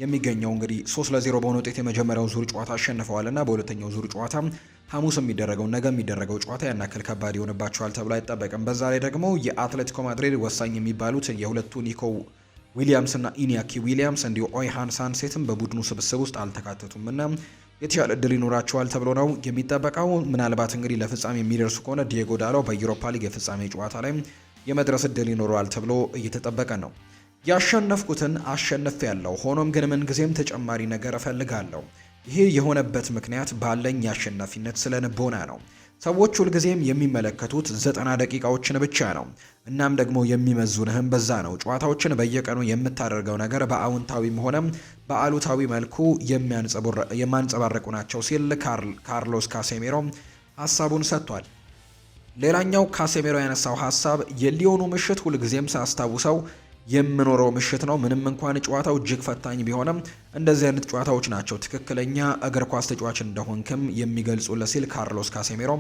የሚገኘው። እንግዲህ ሶስት ለዜሮ በሆነ ውጤት የመጀመሪያው ዙር ጨዋታ አሸንፈዋልና በሁለተኛው ዙር ጨዋታ ሐሙስ የሚደረገው ነገ የሚደረገው ጨዋታ ያን ያክል ከባድ ይሆንባቸዋል ተብሎ አይጠበቅም። በዛ ላይ ደግሞ የአትሌቲኮ ማድሪድ ወሳኝ የሚባሉት የሁለቱ ኒኮ ዊሊያምስ እና ኢኒያኪ ዊሊያምስ እንዲሁ ኦይሃን ሳንሴትም በቡድኑ ስብስብ ውስጥ አልተካተቱም እና የተሻለ እድል ይኖራቸዋል ተብሎ ነው የሚጠበቀው። ምናልባት እንግዲህ ለፍጻሜ የሚደርሱ ከሆነ ዲየጎ ዳላው በዩሮፓ ሊግ የፍጻሜ ጨዋታ ላይ የመድረስ እድል ይኖረዋል ተብሎ እየተጠበቀ ነው። ያሸነፍኩትን አሸነፍ ያለው ሆኖም ግን ምንጊዜም ተጨማሪ ነገር እፈልጋለሁ ይሄ የሆነበት ምክንያት ባለኝ የአሸናፊነት ስነ ነው። ሰዎች ሁልጊዜም የሚመለከቱት ዘጠና ደቂቃዎችን ብቻ ነው። እናም ደግሞ የሚመዙንህም በዛ ነው። ጨዋታዎችን በየቀኑ የምታደርገው ነገር በአውንታዊም ሆነም በአሉታዊ መልኩ የማንጸባረቁ ናቸው ሲል ካርሎስ ካሴሜሮ ሀሳቡን ሰጥቷል። ሌላኛው ካሴሜሮ ያነሳው ሀሳብ የሊዮኑ ምሽት ሁልጊዜም ሳስታውሰው የምኖረው ምሽት ነው። ምንም እንኳን ጨዋታው እጅግ ፈታኝ ቢሆንም እንደዚህ አይነት ጨዋታዎች ናቸው ትክክለኛ እግር ኳስ ተጫዋች እንደሆንክም የሚገልጹ ለሲል ካርሎስ ካሴሜሮ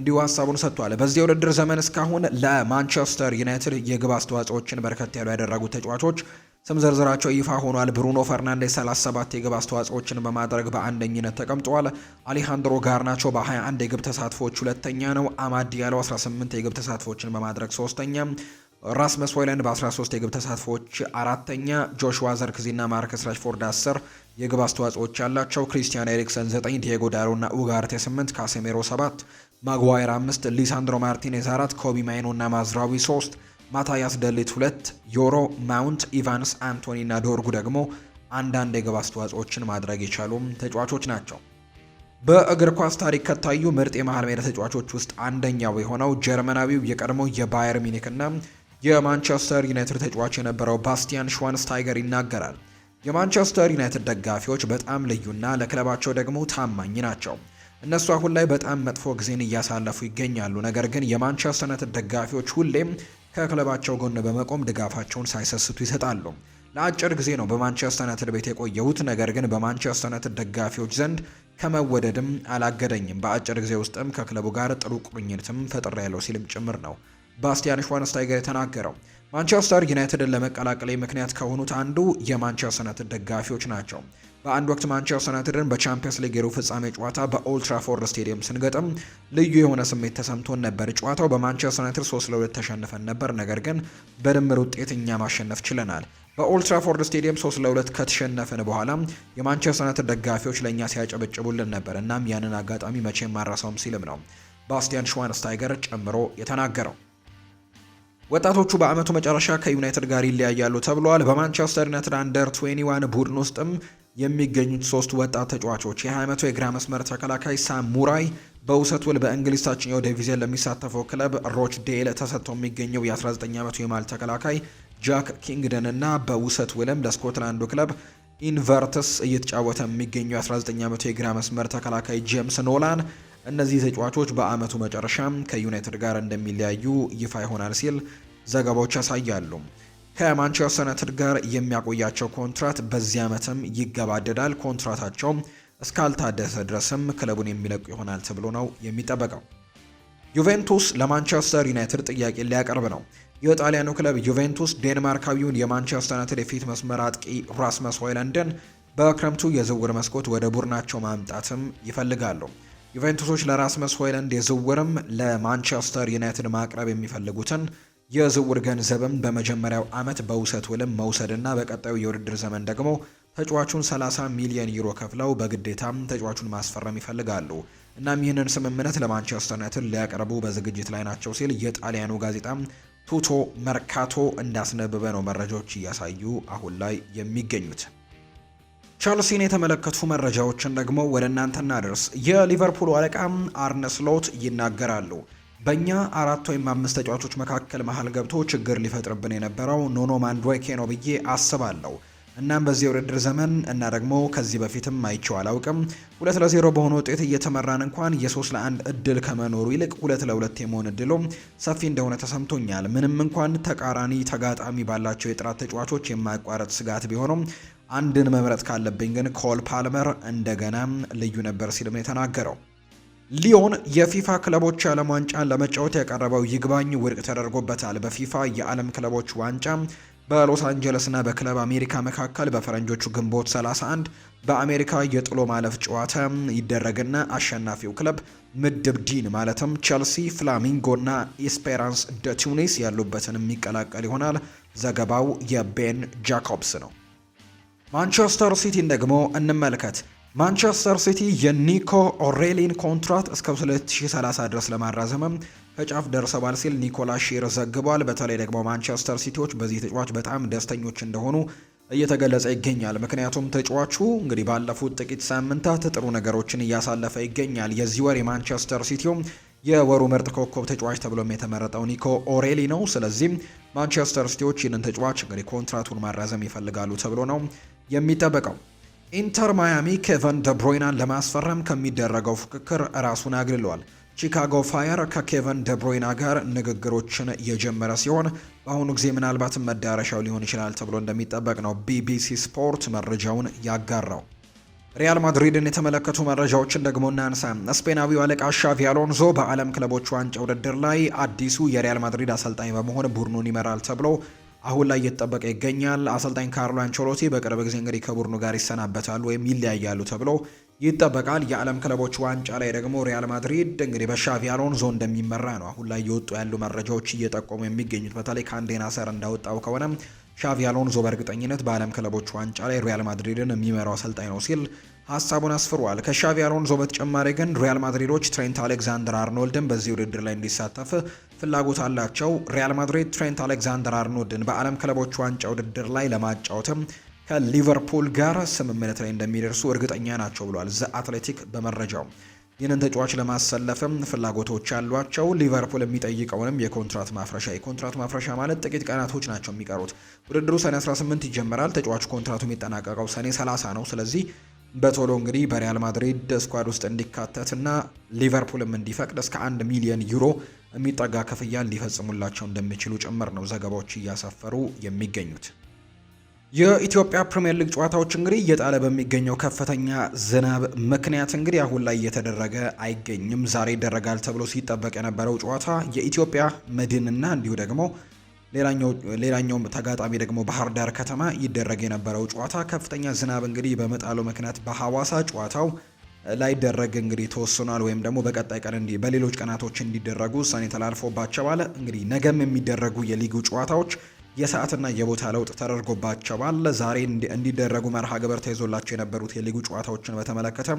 እንዲሁ ሀሳቡን ሰጥቷል። በዚህ የውድድር ዘመን እስካሁን ለማንቸስተር ዩናይትድ የግብ አስተዋጽኦችን በርከት ያሉ ያደረጉ ተጫዋቾች ስም ዝርዝራቸው ይፋ ሆኗል። ብሩኖ ፈርናንዴስ 37 የግብ አስተዋጽኦችን በማድረግ በአንደኝነት ተቀምጠዋል። አሊሃንድሮ ጋርናቾ በ21 የግብ ተሳትፎች ሁለተኛ ነው። አማድ ያለው 18 የግብ ተሳትፎችን በማድረግ ሶስተኛ፣ ራስመስ ሆይለንድ በ13 የግብ ተሳትፎዎች አራተኛ፣ ጆሽዋ ዘርክዚና ማርከስ ራሽፎርድ 10 የግብ አስተዋጽኦዎች ያላቸው፣ ክሪስቲያን ኤሪክሰን 9፣ ዲየጎ ዳሎና ኡጋርቴ 8፣ ካሴሜሮ 7፣ ማግዋየር 5፣ ሊሳንድሮ ማርቲኔዝ 4፣ ኮቢ ማይኖና ማዝራዊ 3፣ ማታያስ ደሊት 2፣ ዮሮ ማውንት፣ ኢቫንስ አንቶኒና ዶርጉ ደግሞ አንዳንድ የግብ አስተዋጽኦችን ማድረግ የቻሉም ተጫዋቾች ናቸው። በእግር ኳስ ታሪክ ከታዩ ምርጥ የመሃል ሜዳ ተጫዋቾች ውስጥ አንደኛው የሆነው ጀርመናዊው የቀድሞ የባየር ሚኒክና የማንቸስተር ዩናይትድ ተጫዋች የነበረው ባስቲያን ሽዋንስታይገር ይናገራል። የማንቸስተር ዩናይትድ ደጋፊዎች በጣም ልዩና ለክለባቸው ደግሞ ታማኝ ናቸው። እነሱ አሁን ላይ በጣም መጥፎ ጊዜን እያሳለፉ ይገኛሉ። ነገር ግን የማንቸስተር ዩናይትድ ደጋፊዎች ሁሌም ከክለባቸው ጎን በመቆም ድጋፋቸውን ሳይሰስቱ ይሰጣሉ። ለአጭር ጊዜ ነው በማንቸስተር ዩናይትድ ቤት የቆየሁት፣ ነገር ግን በማንቸስተር ዩናይትድ ደጋፊዎች ዘንድ ከመወደድም አላገደኝም። በአጭር ጊዜ ውስጥም ከክለቡ ጋር ጥሩ ቁርኝትም ፈጥሬያለሁ ሲልም ጭምር ነው ባስቲያን ሽዋንስታይገር የተናገረው። ማንቸስተር ዩናይትድን ለመቀላቀል ምክንያት ከሆኑት አንዱ የማንቸስተር ዩናይትድ ደጋፊዎች ናቸው። በአንድ ወቅት ማንቸስተር ዩናይትድን በቻምፒየንስ ሊግ የሩብ ፍጻሜ ጨዋታ በኦልትራፎርድ ስቴዲየም ስንገጥም ልዩ የሆነ ስሜት ተሰምቶን ነበር። ጨዋታው በማንቸስተር ዩናይትድ 3 ለ2 ተሸንፈን ነበር፣ ነገር ግን በድምር ውጤት እኛ ማሸነፍ ችለናል። በኦልትራፎርድ ስቴዲየም 3 ለ2 ከተሸነፍን በኋላ የማንቸስተር ዩናይትድ ደጋፊዎች ለእኛ ሲያጨበጭቡልን ነበር። እናም ያንን አጋጣሚ መቼም ማረሳውም ሲልም ነው ባስቲያን ሽዋንስታይገር ጨምሮ የተናገረው። ወጣቶቹ በአመቱ መጨረሻ ከዩናይትድ ጋር ይለያያሉ ተብለዋል። በማንቸስተር ዩናይትድ አንደር 21 ቡድን ውስጥም የሚገኙት ሶስት ወጣት ተጫዋቾች የ20 ዓመቱ የግራ መስመር ተከላካይ ሳም ሙራይ በውሰት ውል በእንግሊዝ ታችኛው ዲቪዚን ለሚሳተፈው ክለብ ዴል ተሰጥቶ የሚገኘው የ19 ዓመቱ የማል ተከላካይ ጃክ ኪንግደን እና በውሰት ውልም ለስኮትላንዱ ክለብ ኢንቨርትስ እየተጫወተ የሚገኘው የ19 ዓመቱ የግራ መስመር ተከላካይ ጄምስ ኖላን እነዚህ ተጫዋቾች በአመቱ መጨረሻም ከዩናይትድ ጋር እንደሚለያዩ ይፋ ይሆናል ሲል ዘገባዎች ያሳያሉ። ከማንቸስተር ዩናይትድ ጋር የሚያቆያቸው ኮንትራት በዚህ ዓመትም ይገባደዳል። ኮንትራታቸው እስካልታደሰ ድረስም ክለቡን የሚለቁ ይሆናል ተብሎ ነው የሚጠበቀው። ዩቬንቱስ ለማንቸስተር ዩናይትድ ጥያቄ ሊያቀርብ ነው። የጣሊያኑ ክለብ ዩቬንቱስ ዴንማርካዊውን የማንቸስተር ዩናይትድ የፊት መስመር አጥቂ ራስመስ ሆይለንድን በክረምቱ የዝውውር መስኮት ወደ ቡድናቸው ማምጣትም ይፈልጋሉ። ዩቬንቱሶች ለራስመስ ሆይለንድ የዝውውርም ለማንቸስተር ዩናይትድ ማቅረብ የሚፈልጉትን የዝውውር ገንዘብም በመጀመሪያው ዓመት በውሰት ውልም መውሰድና በቀጣዩ የውድድር ዘመን ደግሞ ተጫዋቹን 30 ሚሊዮን ዩሮ ከፍለው በግዴታም ተጫዋቹን ማስፈረም ይፈልጋሉ። እናም ይህንን ስምምነት ለማንቸስተር ዩናይትድ ሊያቀርቡ በዝግጅት ላይ ናቸው ሲል የጣሊያኑ ጋዜጣ ቱቶ መርካቶ እንዳስነብበ ነው መረጃዎች እያሳዩ አሁን ላይ የሚገኙት። ቸልሲን የተመለከቱ መረጃዎችን ደግሞ ወደ እናንተ እናደርስ። የሊቨርፑል አለቃ አርነ ስሎት ይናገራሉ። በእኛ አራት ወይም አምስት ተጫዋቾች መካከል መሀል ገብቶ ችግር ሊፈጥርብን የነበረው ኖኖ ማንድዌኬ ነው ብዬ አስባለሁ። እናም በዚህ የውድድር ዘመን እና ደግሞ ከዚህ በፊትም አይቼው አላውቅም። ሁለት ለዜሮ በሆነ ውጤት እየተመራን እንኳን የሶስት ለአንድ እድል ከመኖሩ ይልቅ ሁለት ለሁለት የመሆን እድሉ ሰፊ እንደሆነ ተሰምቶኛል። ምንም እንኳን ተቃራኒ ተጋጣሚ ባላቸው የጥራት ተጫዋቾች የማያቋረጥ ስጋት ቢሆንም አንድን መምረጥ ካለብኝ ግን ኮል ፓልመር እንደገና ልዩ ነበር ሲል የተናገረው። ሊዮን የፊፋ ክለቦች የዓለም ዋንጫን ለመጫወት ያቀረበው ይግባኝ ውድቅ ተደርጎበታል። በፊፋ የዓለም ክለቦች ዋንጫ በሎስ አንጀለስና በክለብ አሜሪካ መካከል በፈረንጆቹ ግንቦት 31 በአሜሪካ የጥሎ ማለፍ ጨዋታ ይደረግና አሸናፊው ክለብ ምድብ ዲን ማለትም ቼልሲ፣ ፍላሚንጎና ኢስፔራንስ ደ ቱኒስ ያሉበትን የሚቀላቀል ይሆናል። ዘገባው የቤን ጃኮብስ ነው። ማንቸስተር ሲቲን ደግሞ እንመልከት። ማንቸስተር ሲቲ የኒኮ ኦሬሊን ኮንትራት እስከ 2030 ድረስ ለማራዘምም ከጫፍ ደርሰዋል ሲል ኒኮላ ሺር ዘግቧል። በተለይ ደግሞ ማንቸስተር ሲቲዎች በዚህ ተጫዋች በጣም ደስተኞች እንደሆኑ እየተገለጸ ይገኛል። ምክንያቱም ተጫዋቹ እንግዲህ ባለፉት ጥቂት ሳምንታት ጥሩ ነገሮችን እያሳለፈ ይገኛል። የዚህ ወር የማንቸስተር ሲቲውም የወሩ ምርጥ ኮከብ ተጫዋች ተብሎም የተመረጠው ኒኮ ኦሬሊ ነው። ስለዚህም ማንቸስተር ሲቲዎች ይህንን ተጫዋች እንግዲህ ኮንትራቱን ማራዘም ይፈልጋሉ ተብሎ ነው የሚጠበቀው። ኢንተር ማያሚ ኬቨን ደብሮይናን ለማስፈረም ከሚደረገው ፍክክር ራሱን አግልሏል። ቺካጎ ፋየር ከኬቨን ደብሮይና ጋር ንግግሮችን የጀመረ ሲሆን በአሁኑ ጊዜ ምናልባትም መዳረሻው ሊሆን ይችላል ተብሎ እንደሚጠበቅ ነው ቢቢሲ ስፖርት መረጃውን ያጋራው። ሪያል ማድሪድን የተመለከቱ መረጃዎችን ደግሞ እናንሳ። ስፔናዊው አለቃ ሻቪ አሎንሶ በዓለም ክለቦች ዋንጫ ውድድር ላይ አዲሱ የሪያል ማድሪድ አሰልጣኝ በመሆን ቡድኑን ይመራል ተብሎ አሁን ላይ እየተጠበቀ ይገኛል። አሰልጣኝ ካርሎ አንቸሎቲ በቅርብ ጊዜ እንግዲህ ከቡድኑ ጋር ይሰናበታሉ ወይም ይለያያሉ ተብሎ ይጠበቃል። የዓለም ክለቦች ዋንጫ ላይ ደግሞ ሪያል ማድሪድ እንግዲህ በሻቪ አሎንሶ እንደሚመራ ነው አሁን ላይ እየወጡ ያሉ መረጃዎች እየጠቆሙ የሚገኙት። በተለይ ከአንዴ ናሰር እንዳወጣው ከሆነ ሻቪ አሎንሶ በእርግጠኝነት በዓለም ክለቦች ዋንጫ ላይ ሪያል ማድሪድን የሚመራው አሰልጣኝ ነው ሲል ሀሳቡን አስፍሯል። ከሻቪ አሎንሶ በተጨማሪ ግን ሪያል ማድሪዶች ትሬንት አሌክዛንደር አርኖልድን በዚህ ውድድር ላይ እንዲሳተፍ ፍላጎት አላቸው። ሪያል ማድሪድ ትሬንት አሌክዛንደር አርኖልድን በዓለም ክለቦች ዋንጫ ውድድር ላይ ለማጫወትም ከሊቨርፑል ጋር ስምምነት ላይ እንደሚደርሱ እርግጠኛ ናቸው ብሏል ዘ አትሌቲክ በመረጃው ይህንን ተጫዋች ለማሰለፍም ፍላጎቶች አሏቸው። ሊቨርፑል የሚጠይቀውንም የኮንትራት ማፍረሻ የኮንትራት ማፍረሻ ማለት ጥቂት ቀናቶች ናቸው የሚቀሩት። ውድድሩ ሰኔ 18 ይጀምራል ተጫዋቹ ኮንትራቱ የሚጠናቀቀው ሰኔ 30 ነው። ስለዚህ በቶሎ እንግዲህ በሪያል ማድሪድ ስኳድ ውስጥ እንዲካተት እና ሊቨርፑልም እንዲፈቅድ እስከ አንድ ሚሊዮን ዩሮ የሚጠጋ ክፍያ ሊፈጽሙላቸው እንደሚችሉ ጭምር ነው ዘገባዎች እያሰፈሩ የሚገኙት። የኢትዮጵያ ፕሪምየር ሊግ ጨዋታዎች እንግዲህ እየጣለ በሚገኘው ከፍተኛ ዝናብ ምክንያት እንግዲህ አሁን ላይ እየተደረገ አይገኝም። ዛሬ ይደረጋል ተብሎ ሲጠበቅ የነበረው ጨዋታ የኢትዮጵያ መድንና እንዲሁ ደግሞ ሌላኛውም ተጋጣሚ ደግሞ ባህር ዳር ከተማ ይደረግ የነበረው ጨዋታ ከፍተኛ ዝናብ እንግዲህ በመጣሉ ምክንያት በሐዋሳ ጨዋታው ላይደረግ እንግዲህ ተወስኗል፣ ወይም ደግሞ በቀጣይ ቀን እንዲ በሌሎች ቀናቶች እንዲደረጉ ውሳኔ ተላልፎባቸዋል። እንግዲህ ነገም የሚደረጉ የሊጉ ጨዋታዎች የሰዓትና የቦታ ለውጥ ተደርጎባቸዋል። ዛሬ እንዲደረጉ መርሃ ግብር ተይዞላቸው የነበሩት የሊጉ ጨዋታዎችን በተመለከተ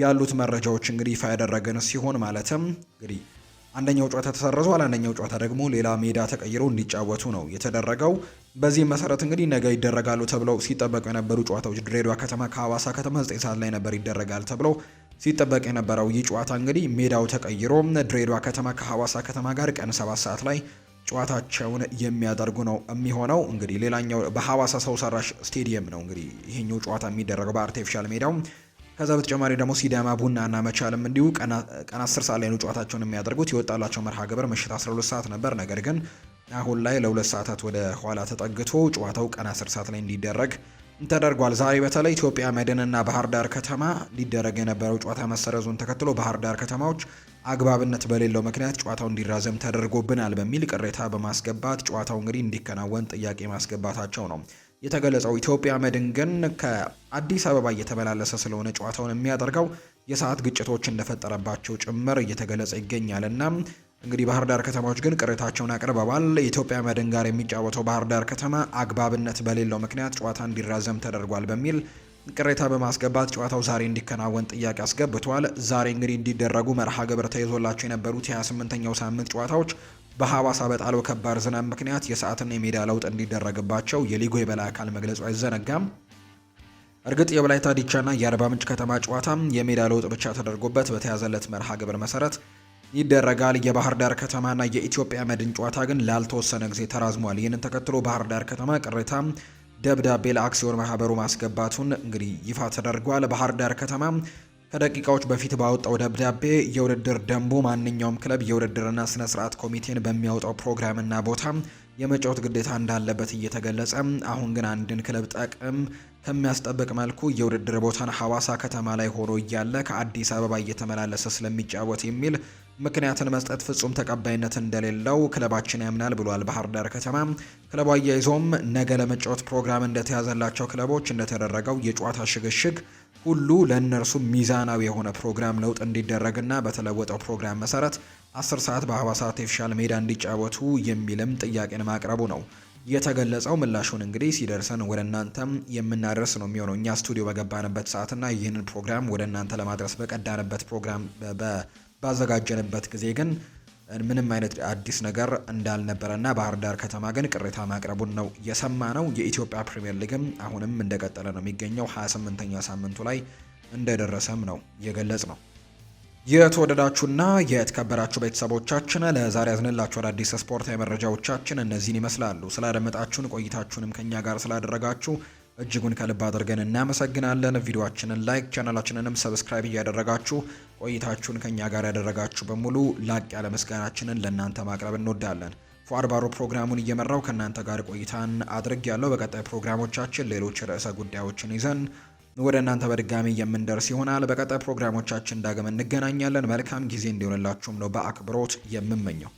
ያሉት መረጃዎች እንግዲህ ይፋ ያደረገን ሲሆን ማለትም እንግዲህ አንደኛው ጨዋታ ተሰርዟል። አንደኛው ጨዋታ ደግሞ ሌላ ሜዳ ተቀይሮ እንዲጫወቱ ነው የተደረገው። በዚህ መሰረት እንግዲህ ነገ ይደረጋሉ ተብለው ሲጠበቁ የነበሩ ጨዋታዎች ድሬዳዋ ከተማ ከሀዋሳ ከተማ 9 ሰዓት ላይ ነበር ይደረጋል ተብለው ሲጠበቅ የነበረው ይህ ጨዋታ እንግዲህ ሜዳው ተቀይሮ ድሬዳዋ ከተማ ከሀዋሳ ከተማ ጋር ቀን 7 ሰዓት ላይ ጨዋታቸውን የሚያደርጉ ነው የሚሆነው። እንግዲህ ሌላኛው በሐዋሳ ሰው ሰራሽ ስቴዲየም ነው እንግዲህ ይሄኛው ጨዋታ የሚደረገው በአርቲፊሻል ሜዳው። ከዛ በተጨማሪ ደግሞ ሲዳማ ቡናና መቻልም እንዲሁ ቀን አስር ሰዓት ላይ ነው ጨዋታቸውን የሚያደርጉት። የወጣላቸው መርሃ ግብር ምሽት 12 ሰዓት ነበር። ነገር ግን አሁን ላይ ለሁለት ሰዓታት ወደ ኋላ ተጠግቶ ጨዋታው ቀን አስር ሰዓት ላይ እንዲደረግ ተደርጓል። ዛሬ በተለይ ኢትዮጵያ መድንና ባህር ዳር ከተማ ሊደረግ የነበረው ጨዋታ መሰረዙን ተከትሎ ባህር ዳር ከተማዎች አግባብነት በሌለው ምክንያት ጨዋታው እንዲራዘም ተደርጎብናል በሚል ቅሬታ በማስገባት ጨዋታው እንግዲህ እንዲከናወን ጥያቄ ማስገባታቸው ነው የተገለጸው። ኢትዮጵያ መድን ግን ከአዲስ አበባ እየተመላለሰ ስለሆነ ጨዋታውን የሚያደርገው የሰዓት ግጭቶች እንደፈጠረባቸው ጭምር እየተገለጸ ይገኛል እና እንግዲህ ባህር ዳር ከተማዎች ግን ቅሬታቸውን አቅርበዋል። ኢትዮጵያ መድን ጋር የሚጫወተው ባህር ዳር ከተማ አግባብነት በሌለው ምክንያት ጨዋታ እንዲራዘም ተደርጓል በሚል ቅሬታ በማስገባት ጨዋታው ዛሬ እንዲከናወን ጥያቄ አስገብተዋል። ዛሬ እንግዲህ እንዲደረጉ መርሃ ግብር ተይዞላቸው የነበሩት የ28ኛው ሳምንት ጨዋታዎች በሐዋሳ በጣለው ከባድ ዝናብ ምክንያት የሰዓትና የሜዳ ለውጥ እንዲደረግባቸው የሊጉ የበላይ አካል መግለጹ አይዘነጋም። እርግጥ የወላይታ ዲቻና የአርባ ምንጭ ከተማ ጨዋታም የሜዳ ለውጥ ብቻ ተደርጎበት በተያዘለት መርሃ ግብር መሰረት ይደረጋል። የባህር ዳር ከተማና የኢትዮጵያ መድን ጨዋታ ግን ላልተወሰነ ጊዜ ተራዝሟል። ይህንን ተከትሎ ባህር ዳር ከተማ ቅሬታ ደብዳቤ ለአክሲዮን ማህበሩ ማስገባቱን እንግዲህ ይፋ ተደርጓል። ባህር ዳር ከተማ ከደቂቃዎች በፊት ባወጣው ደብዳቤ የውድድር ደንቡ ማንኛውም ክለብ የውድድርና ስነ ስርዓት ኮሚቴን በሚያወጣው ፕሮግራምና ቦታ የመጫወት ግዴታ እንዳለበት እየተገለጸ አሁን ግን አንድን ክለብ ጥቅም ከሚያስጠብቅ መልኩ የውድድር ቦታን ሐዋሳ ከተማ ላይ ሆኖ እያለ ከአዲስ አበባ እየተመላለሰ ስለሚጫወት የሚል ምክንያትን መስጠት ፍጹም ተቀባይነት እንደሌለው ክለባችን ያምናል ብሏል። ባህር ዳር ከተማ ክለቡ አያይዞም ነገ ለመጫወት ፕሮግራም እንደተያዘላቸው ክለቦች እንደተደረገው የጨዋታ ሽግሽግ ሁሉ ለእነርሱ ሚዛናዊ የሆነ ፕሮግራም ለውጥ እንዲደረግና በተለወጠው ፕሮግራም መሰረት አስር ሰዓት በሀዋሳ አርቲፊሻል ሜዳ እንዲጫወቱ የሚልም ጥያቄን ማቅረቡ ነው የተገለጸው። ምላሹን እንግዲህ ሲደርሰን ወደ እናንተም የምናደርስ ነው የሚሆነው። እኛ ስቱዲዮ በገባንበት ሰዓትና ይህንን ፕሮግራም ወደ እናንተ ለማድረስ በቀዳንበት ፕሮግራም ባዘጋጀንበት ጊዜ ግን ምንም አይነት አዲስ ነገር እንዳልነበረና ባህር ዳር ከተማ ግን ቅሬታ ማቅረቡን ነው የሰማ ነው። የኢትዮጵያ ፕሪምየር ሊግም አሁንም እንደቀጠለ ነው የሚገኘው 28ኛ ሳምንቱ ላይ እንደደረሰም ነው የገለጽ ነው። የተወደዳችሁና የተከበራችሁ ቤተሰቦቻችን ለዛሬ ያዝንላችሁ አዳዲስ ስፖርታዊ መረጃዎቻችን እነዚህን ይመስላሉ። ስላደመጣችሁን ቆይታችሁንም ከኛ ጋር ስላደረጋችሁ እጅጉን ከልብ አድርገን እናመሰግናለን። ቪዲዮችንን ላይክ ቻናላችንንም ሰብስክራይብ እያደረጋችሁ ቆይታችሁን ከእኛ ጋር ያደረጋችሁ በሙሉ ላቅ ያለ ምስጋናችንን ለእናንተ ማቅረብ እንወዳለን። ፏርባሮ ፕሮግራሙን እየመራው ከእናንተ ጋር ቆይታን አድርግ ያለው። በቀጣይ ፕሮግራሞቻችን ሌሎች ርዕሰ ጉዳዮችን ይዘን ወደ እናንተ በድጋሚ የምንደርስ ይሆናል። በቀጣይ ፕሮግራሞቻችን ዳግም እንገናኛለን። መልካም ጊዜ እንዲሆንላችሁም ነው በአክብሮት የምመኘው።